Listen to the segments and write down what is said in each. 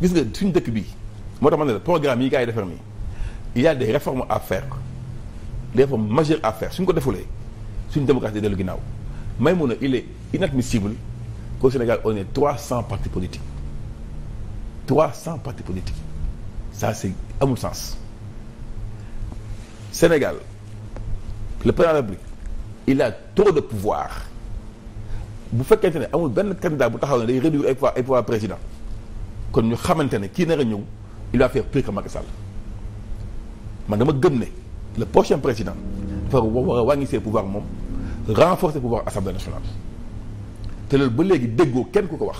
gis nga suñ dëkk bi moo tax ma ne la programme yi gars yi defar nii il y a des réformes à faire des réformes majeures à suñ ko defulee suñ démocratie di dellu ginnaaw may mun a il est inadmissible qu'au Sénégal on ait trois cent partis politiques trois cent partis politiques ça c'est amul sens Sénégal le président de la République il a trop de pouvoir bu fekkente ne amul benn candidat bu taxaw ne day réduire ay pouvoir ay pouvoir président kon ñu xamante ne kii nar ñëw il va faire pire que Macky man dama gëm ne le prochain président dafa war a wàññi seen pouvoir moom renforcer pouvoir assemblée nationale te loolu ba léegi déggoo kenn ku ko wax.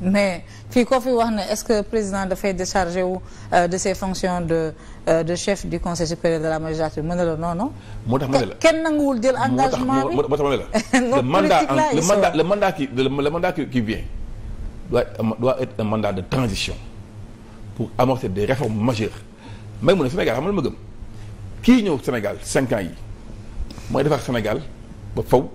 mais fii koo fi wax ne est-ce que président dafay décharger wu euh, de ses fonctions de euh, de chef du conseil supérieur de la magistrature mën na la non non. moo tax ma ne la kenn nanguwul jël engagement bi moo tax moo tax ma ne la. le mandat le mandat le mandat qui le doit être, doit être un mandat de transition pour amorcer des réformes majeures may mu ne Sénégal xam nga ma gëm kii ñëw Sénégal cinq ans yi mooy defar Sénégal ba faw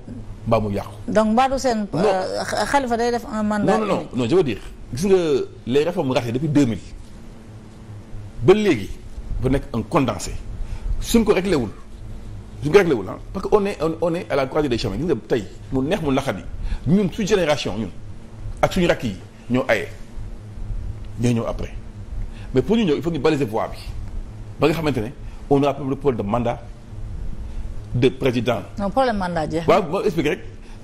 mbaa mu yàqu. donc Badou Sène. Euh, Khalifa day def un mandat. non non non je veux dire gis nga les réformes ratées ba léegi bu nekk un condensé suñ ko réglé wul suñ ko réglé parce que on est on est à la gis nga tey mu neex mu yi ñun su génération ñun ak suñu rakk yi. ñoo aye ñoo ñëw après mais pour ñu ñëw il faut ñu baliser voie bi ba nga xamante ne on a le problème de mandat de président. non problème mandat jeex waaw ma expliquer rek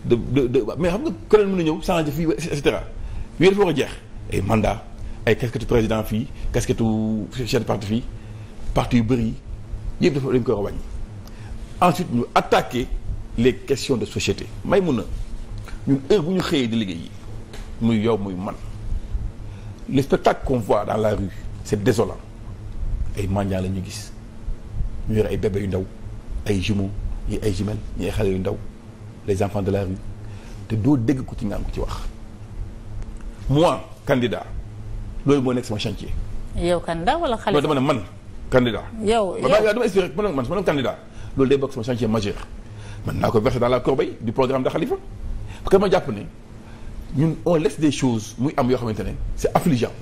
de de de mais xam nga keneen mën na ñëw changer fii et cetera yooyu dafa war jeex ay mandat ay casquette président fii casquette chef de parti fii parti yu bëri yëpp dafa dañ koy wàññi ensuite ñu attaquer les questions de société may mun na ñun heure bu ñu xëyee di liggéey muy yow muy man le spectacle qu'on voit dans la rue c'est désolant ay mandiant la ñu gis ñu yor ay bébé yu ndaw ay jumeaux ñi ay jumelles ñi ay xale yu ndaw les enfants de la rue te doo dégg ko ci naan ko ci wax moi candidat loolu moo nekk sama chantier. yow candidat wala xale. dama ne man candidat. yow yow waaw man man man candidat loolu day bokk sama chantier naa ko verser dans la corbeille du programme de Khalifa parce que jàpp ne. ñun on laisse des choses muy am yoo xamante ne c'est affligeant